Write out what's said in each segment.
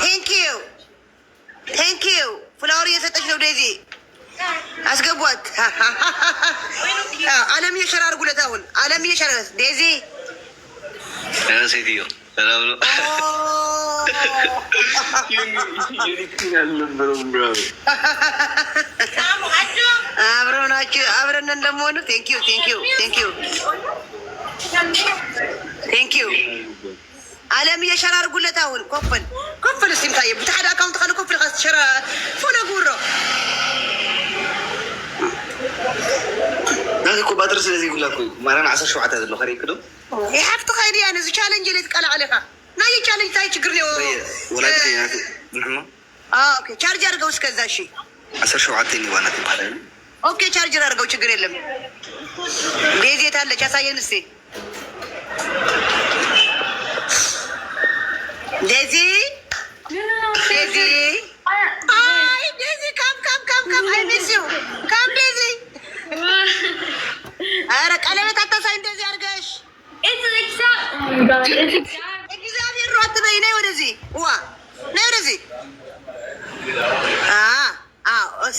ቴንኪዩ ቴንኪዩ። ፍላወር እየሰጠች ነው ዴዚ አስገቧት። አለም እየሸራ አድርጉለት። አሁን አለም እየሸራ ዴዚ ሴትዮ አብረው ናቸው። አብረን እንደመሆኑ ቴንኪዩ ቴንኪዩ ቴንኪዩ ቴንኪዩ። አለም እየሸራ አሁን ኮፈን ፈለስቲምካ እየ ብቲ ሓደ ኣካውንት ካልእ ኮፍ ኢልካ ዝሸራ ፎን ኣግብሮ ናዚ ኮ ባትሪ ስለዘይብላ ኮ ማርያም ዓሰርተ ሸውዓተ ዘሎ ከሪእክ ዶ ይሓፍቲ ከይድ እያ ነዚ ቻለንጅ የለ ትቀላዕ ናይ ቻለንጅ እንታይ ችግር ኔዎ ቻርጅ አድርገው እስከዛ እሺ ዓሰርተ ሸውዓተ ዋናት ማለት ኦኬ ቻርጅር አድርገው ችግር የለም ቤዜት አለች አሳየን እስቲ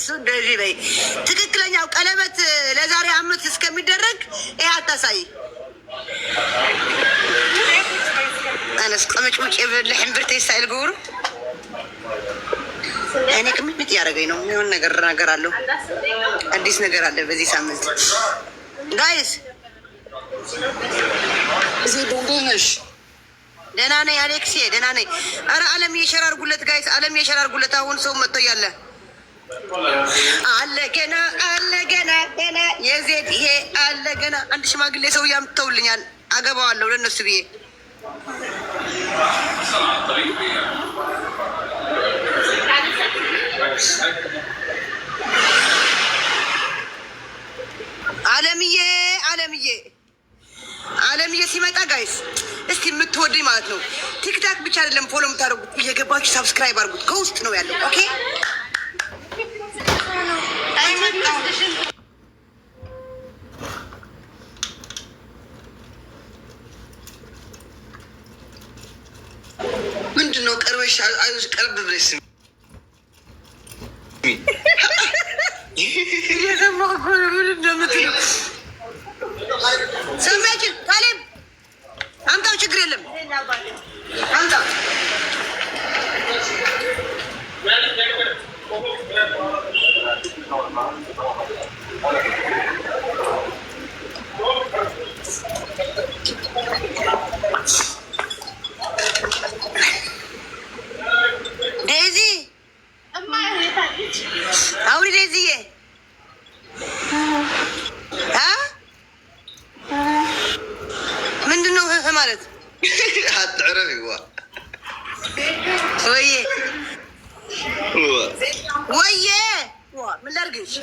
እሱ እንደዚህ በይ። ትክክለኛው ቀለበት ለዛሬ አመት እስከሚደረግ ይህ አታሳይ አነስ ቀመጭሙጭ ልሕምብርተ ይሳኤል ግብሩ እኔ ቅምጭምጭ እያደረገኝ ነው። ምን ነገር ነገር አለው አዲስ ነገር አለ በዚህ ሳምንት ጋይስ። ደህና ነኝ አሌክሴ፣ ደህና ነኝ። አረ አለም የሸራርጉለት ጋይስ፣ አለም የሸራርጉለት አሁን ሰው መጥቶ እያለ አለ ገና አለ ገና ገና የዜድ ይሄ አለ ገና አንድ ሽማግሌ ሰው ያምተውልኛል። አገባዋለሁ ለነሱ ብዬ አለምዬ አለምዬ አለምዬ ሲመጣ ጋይስ እስቲ የምትወደኝ ማለት ነው። ቲክታክ ብቻ አይደለም ፎሎ የምታደርጉት እየገባችሁ ሳብስክራይብ አድርጉት። ከውስጥ ነው ያለው ኦኬ ምንድነው ቀርበሽ አይዞሽ ቀርብ ብለሽ ስሚ እየሰማሁ እኮ ነው ምን እንደምትለው ወይዬ ምን ላድርግሽ?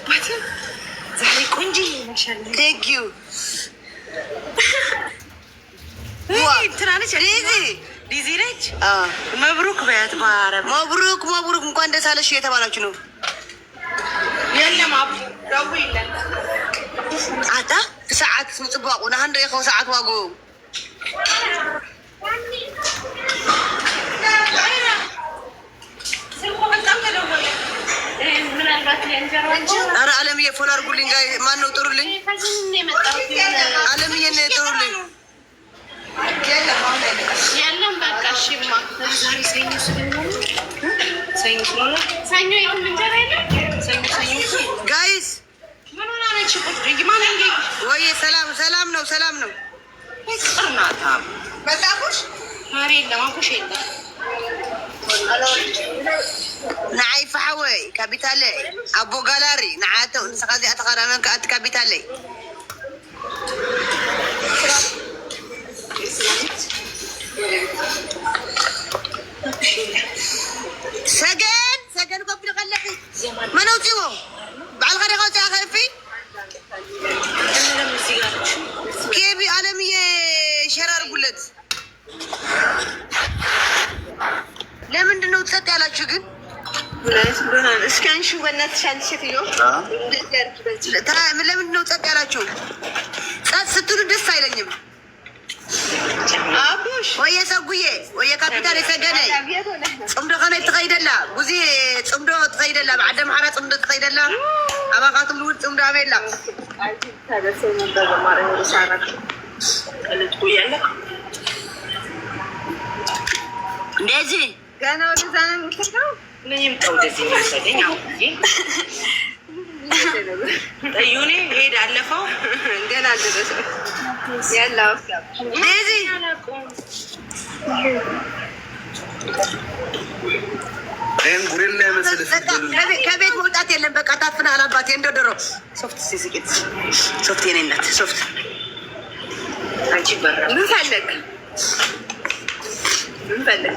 ዛሬ ቆንጆ ዲዚ ነች። መብሩክ በያት በአረብ መብሩክ መብሩክ፣ እንኳን ደስ አለሽ እየተባላችሁ ነው። የለም ሰዓት ምፅባቁ ንሓንደኢኸው ሰዓት ዋጉ ኧረ አለምዬ ፎን አድርጉልኝ። ጋር ማነው ጥሩልኝ። አለምዬን ጥሩልኝ። ጋይስ ወይ ሰላም ሰላም ነው፣ ሰላም ነው። ቅርናታ ናይ ፈሓወይ ካቢታለይ ኣቦ ጋላሪ ንዓተ ንስኻ እዚኣ ተኸዳመን ከኣቲ ካቢታለይ ሰገን ሰገን ጎብሪ ቀለሒ መን ትሻለሽ ሴትዮ። ለምንድን ነው ጸጥ ያላችሁ? ጸጥ ስትሉ ደስ አይለኝም። ወየ ሰጉዬ ወየ ካፒታል የሰገነ ፅምዶ ከመይ ትኸይደላ ጉዜ ፅምዶ ትኸይደላ ብዓደ ማሓራ ፅምዶ ትኸይደላ ኣባኻትም እውን ፅምዶ ኣበየላ ገና ወደዛ ነው ምን ይምጣ ወደዚህ የሚወሰደኝ አሁን ጠዩኔ ሄድ አለፈው ገና አልደረሰ ያለው ከቤት መውጣት የለም። በቃ ታፍና አላባት እንደው ድሮ ሶፍት የኔ እናት ሶፍት ምን ፈለግ ምን ፈለግ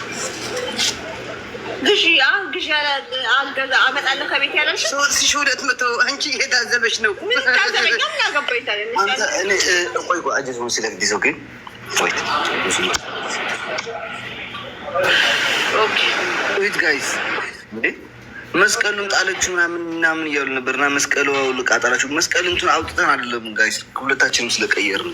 ግዢ ግዢ አልገዛ አመጣለሁ ከቤት ሶስት ሁለት መቶ አንቺ እየታዘበች ነው። መስቀሉን ጣለች ምናምን ምናምን እያሉ ነበርና መስቀሉ አውልቃ ጣላችሁ። መስቀል አውጥተን አይደለም ጋይስ ሁለታችንም ስለቀየር ነው።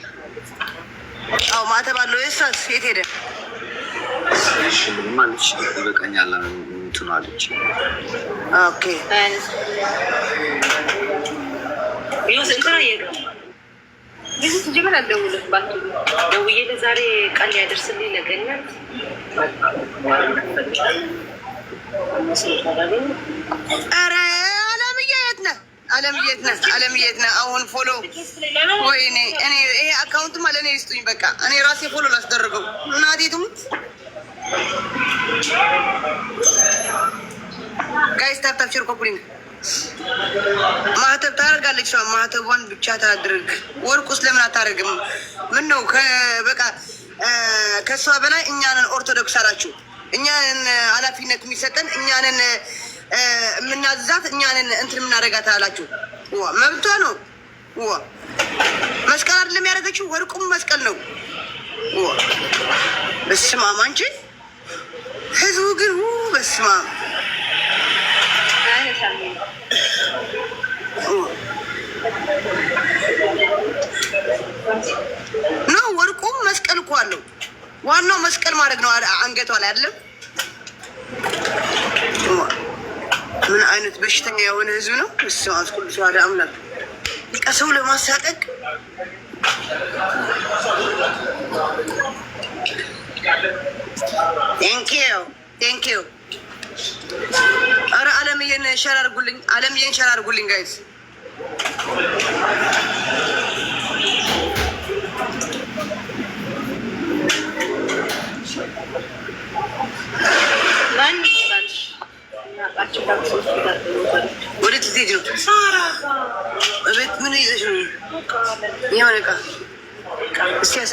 አዎ ማተብ አለው። የእሷስ የት ሄደ? ይበቃኛል እንትን አለች። ኦኬ ጀመር አልደውልባት ያደርስልኝ ነገኛል አለምዬት ነህ አለምዬት ነህ። አሁን ፎሎ ወይኔ እኔ ይሄ አካውንትማ ለእኔ ይስጡኝ በቃ እኔ ራሴ ፎሎ ላስደርገው። እናቴ ትሙት። ጋይስ ታፕታፕ ሼር ኮፕሊንግ ማህተብ ታደርጋለች እሷ። ማህተቧን ብቻ ታድርግ። ወርቁስ ለምን አታደርግም? ምን ነው በቃ ከእሷ በላይ እኛንን ኦርቶዶክስ አላችሁ እኛንን ኃላፊነት የሚሰጠን እኛንን የምናዛት እኛንን እንትን የምናደርጋት አላችሁ። መብቷ ነው። መስቀል አይደለም ያደረገችው፣ ወርቁም መስቀል ነው። በስማም አንቺ ህዝቡ ግን በስማም ነው። ወርቁም መስቀል እኮ አለው። ዋናው መስቀል ማድረግ ነው አንገቷ ላይ አይደለም ምን አይነት በሽተኛ የሆነ ህዝብ ነው? ስዋት ሰው ዋደ አምላክ ሊቀ ሰው ለማሳቀቅ ቴንኪዩ ቴንኪዩ። አረ አለምዬን ሸር አድርጉልኝ፣ አለምዬን ሸር አድርጉልኝ ጋይዝ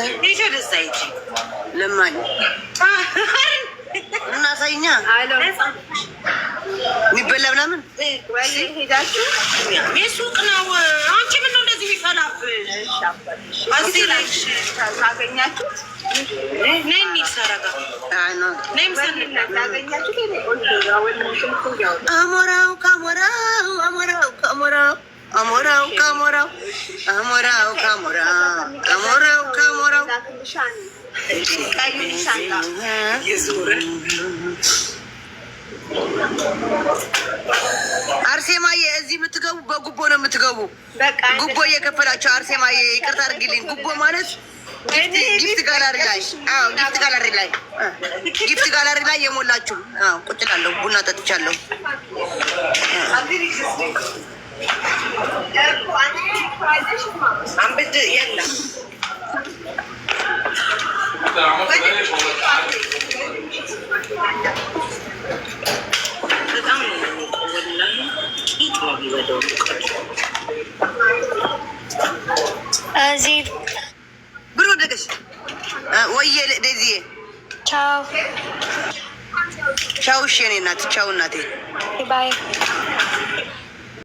የሚበላ ምናምን ሱቅ ነው። አንቺ ምነው እንደዚህ የሚፈላብሽ? አሞራው ከአሞራው አሞራው ከአሞራው አሞራው ከአሞራው አሞራው ከአሞራው አሞራው ከአሞራው አርሴማዬ እዚህ የምትገቡ በጉቦ ነው የምትገቡ። ጉቦ እየከፈላቸው አርሴማዬ፣ ይቅርታ አድርጊልኝ። ጉቦ ማለት ጊፍት ጋላሪ ላይ ጊፍት ጋላሪ ላይ ጊፍት ጋላሪ ላይ የሞላችሁ ቡና ጠጥቻለሁ። አንብድ የለም በጣም እዚህ ወየ ደዚዬ ቻው ቻው። እሺ የኔ እናት ቻው እናቴ ባይ